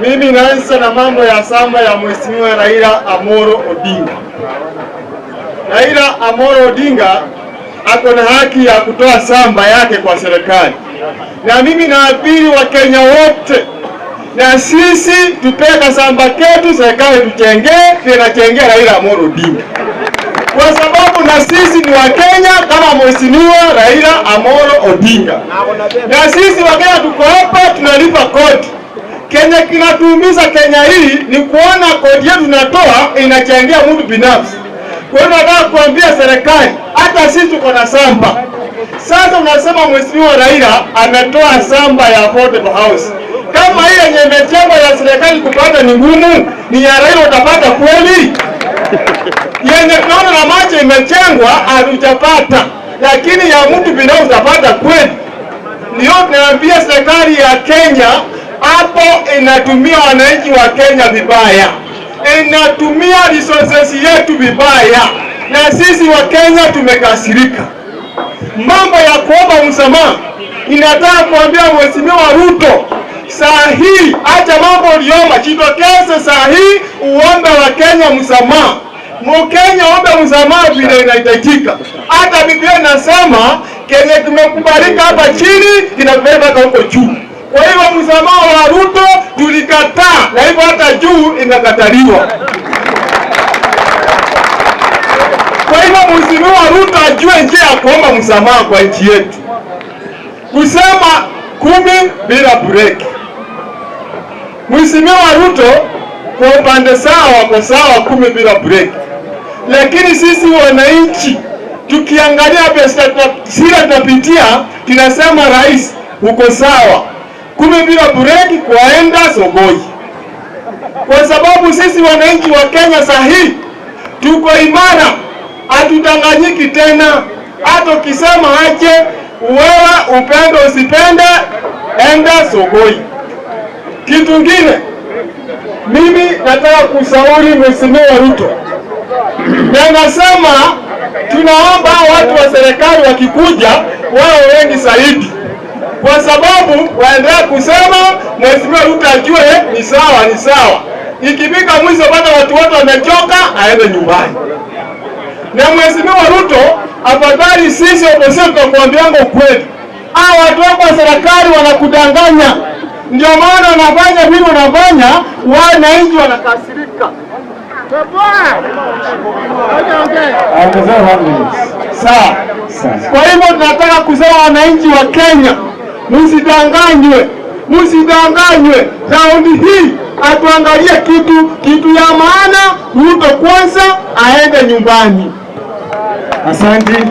mimi naanza na mambo ya samba ya Mheshimiwa Raila Amoro Odinga. Raila Amoro Odinga ako na haki ya kutoa samba yake kwa serikali, na mimi naapili Wakenya wote na sisi tupeka samba ketu, serikali tuchengee, tunachengea Raila Amoro Odinga kwa sababu na sisi ni Wakenya kama Mheshimiwa Raila Amoro Odinga, na sisi Wakenya tuko hapa chenye kinatuumiza Kenya hii ni kuona kodi yetu tunatoa inachangia mtu binafsi. Kwa hiyo nataka kuambia serikali, hata sisi tuko na samba. Sasa unasema mheshimiwa Raila ametoa samba ya affordable house, kama hii yenye imejengwa ya serikali kupata ni ngumu, ni ya Raila utapata kweli? yenye tunaona na macho imejengwa hatujapata, lakini ya mtu binafsi utapata kweli? Ndio tunaambia serikali ya Kenya hapo inatumia wananchi wa Kenya vibaya, inatumia resources yetu vibaya, na sisi wa Kenya tumekasirika. Mambo ya kuomba msamaha, inataka kuambia Mheshimiwa Ruto, saa hii acha mambo ulioma, jitokeze saa hii uombe wa Kenya msamaha. Mkenya ombe msamaha vile inahitajika. Hata Biblia inasema kenye kimekubalika hapa chini kinakubeba huko juu msamaha wa Ruto tulikataa, na hivyo hata juu inakataliwa. Kwa hivyo mheshimiwa Ruto ajue njia ya kuomba msamaha kwa nchi yetu, kusema kumi bila bureki. Mheshimiwa Ruto kwa upande sawa, wako sawa kumi bila bureki, lakini sisi wananchi tukiangalia pesa sira tunapitia, tunasema rais, uko sawa kumi bila bureki kwaenda sogoi, kwa sababu sisi wananchi wa Kenya sahi tuko imara, hatutanganyiki tena. Hata ukisema aje wewe, upende usipende, enda sogoi. Kitu ngine mimi nataka kushauri Mheshimiwa Ruto na nasema tunaomba watu wa serikali wakikuja wao wengi zaidi, kwa sababu waende ajue eh, ni sawa, ni sawa. Ikifika mwisho bado watu wote wamechoka, aende nyumbani. Na mheshimiwa Ruto, afadhali sisi opposition tutakuambianga kweli Hao watu wako wa serikali wanakudanganya, ndio maana wanafanya vile wanafanya, wananchi wanakasirika. Sawa, kwa hivyo tunataka kusema wananchi wa Kenya, msidanganywe msidanganywe. Raundi hii atuangalie kitu kitu ya maana, Ruto kwanza aende nyumbani. Asante.